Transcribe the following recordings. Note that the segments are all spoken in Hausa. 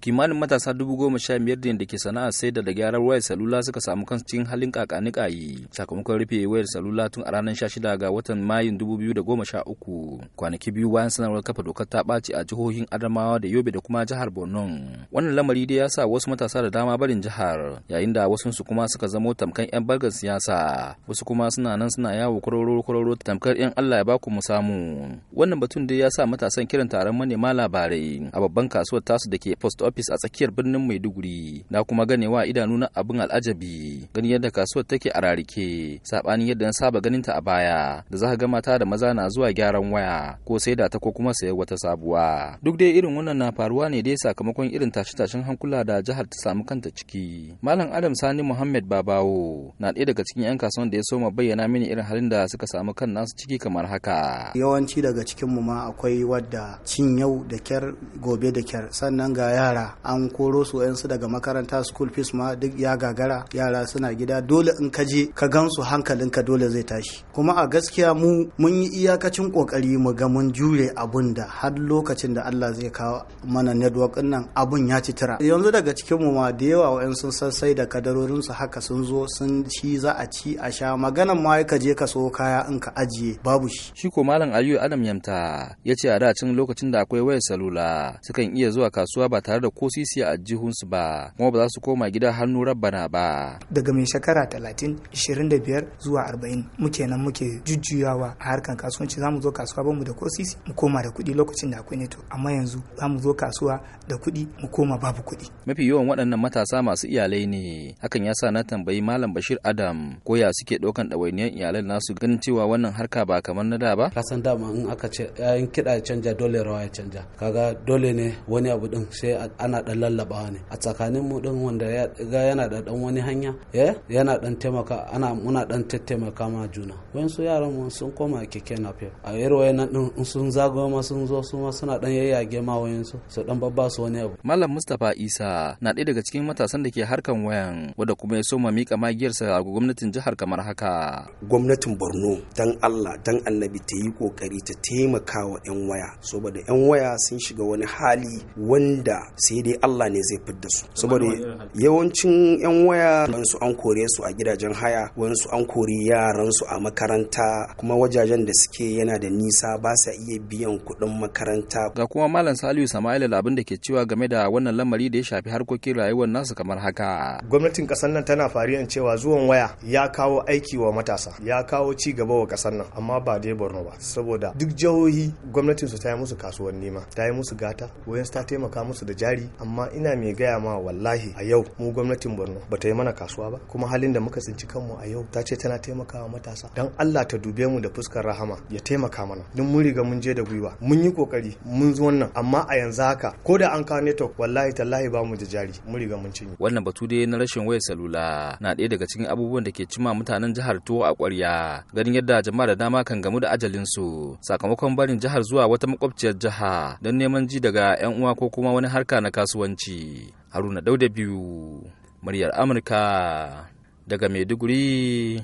kimanin matasa dubu goma sha biyar da ke sana'ar sai da gyaran wayar salula suka samu kansu cikin halin kakanikayi sakamakon rufe wayar salula tun a ranar sha shida ga watan mayun dubu biyu da goma sha uku kwanaki biyu bayan sanarwar kafa dokar ta ɓaci a jihohin adamawa da yobe da kuma jihar borno wannan lamari dai ya sa wasu matasa da dama barin jihar yayin da wasu su kuma suka zamo tamkan yan bargar siyasa wasu kuma suna nan suna yawo kwararo kwararo tamkar yan allah ya baku mu samu wannan batun dai ya sa matasan kiran taron manema labarai a babban kasuwar tasu da ke post ofis a tsakiyar birnin Maiduguri na kuma ganewa idanu na abin al'ajabi gani yadda kasuwar take a rarike sabanin yadda na saba ganin ta a baya da za ga mata da maza na zuwa gyaran waya ko sai da ta ko kuma sayar wata sabuwa duk dai irin wannan na faruwa ne dai sakamakon irin tashe-tashen hankula da jihar ta samu kanta ciki Malam Adam Sani Muhammad Babawo na ɗaya daga cikin 'yan kasuwan da ya soma bayyana mini irin halin da suka samu kan nasu ciki kamar haka. Yawanci daga cikin mu ma akwai wadda cin yau da kyar gobe da kyar sannan ga yara yara an koro su yansu daga makaranta school fees ma duk ya gagara yara suna gida dole in ka je ka gansu hankalinka dole zai tashi kuma a gaskiya mu mun yi iyakacin kokari mu ga mun jure abun da har lokacin da Allah zai kawo mana network nan abun ya ci tira yanzu daga cikin mu ma da yawa wa'yan sun sassai da kadarorin su haka sun zo sun ci za a ci a sha maganan ma ka je ka so kaya in ka ajiye babu shi shi ko malam Aliyu Adam Yamta yace a da cin lokacin da akwai wayar salula sukan iya zuwa kasuwa ba tare da da ko sisi a jihunsu ba kuma ba za su koma gida hannu rabbana ba daga mai shekara talatin 30 biyar zuwa arba'in muke nan muke jujjuyawa a harkan kasuwanci zamu zo kasuwa ba mu da ko mu koma da kuɗi lokacin da akwai neto amma yanzu zamu zo kasuwa da kuɗi mu koma babu kuɗi mafi yawan waɗannan matasa masu iyalai ne hakan ya sa na tambayi malam Bashir Adam ko ya suke ɗaukan ɗawainiyar iyalan nasu ganin cewa wannan harka ba kamar na da ba kasan dama in aka ce yayin kiɗa ya canja dole rawa ya canja kaga dole ne wani abu din sai ana dan lallabawa ne a tsakanin mu din wanda ya ga yana da dan wani hanya eh yana dan taimaka ana muna dan tattaimaka ma juna wayansu yaran mu sun koma keke napep a irin wayannan din sun zagawa ma sun zo su ma suna dan yayyage ma wayansu su dan babba su wani abu Mallam mustapha isa na ɗaya daga cikin matasan da ke harkan wayan wanda kuma ya soma mika magiyarsa a gwamnatin jihar kamar haka gwamnatin borno dan allah dan annabi ta yi kokari ta taimaka wa 'yan waya saboda 'yan waya sun shiga wani hali wanda sai dai Allah ne zai fidda su saboda yawancin yan waya wansu an kore su a gidajen haya wansu an kori yaran su a makaranta kuma wajajen da suke yana da nisa ba sa iya biyan kuɗin makaranta ga kuma malam Saliu Sama'ila abin da ke cewa game da wannan lamari da ya shafi harkokin rayuwar nasu kamar haka gwamnatin kasar nan tana fariyan cewa zuwan waya ya kawo aiki wa matasa ya kawo ci gaba wa kasar nan amma ba dai Borno ba saboda duk jihohi gwamnatin su ta yi musu kasuwanni ma ta yi musu gata wayan ta taimaka musu da jari amma ina mai gaya ma wallahi a yau mu gwamnatin Borno bata yi mana kasuwa ba kuma halin da muka tsinci kanmu a yau ta ce tana taimakawa matasa don Allah ta dube mu da fuskar rahama ya taimaka mana don mun riga mun je da gwiwa mun yi kokari mun zo wannan amma a yanzu haka ko da an kawo network wallahi tallahi ba mu da jari mun riga mun cinye wannan batu dai na rashin wayar salula na ɗaya daga cikin abubuwan da ke cima mutanen jihar tuwo a ƙwarya ganin yadda jama'a da dama kan gamu da ajalin su sakamakon barin jihar zuwa wata makwabciyar jiha don neman ji daga yan uwa ko kuma wani harka na na kasuwanci haruna dauda biyu muryar amurka daga maiduguri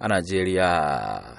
a najeriya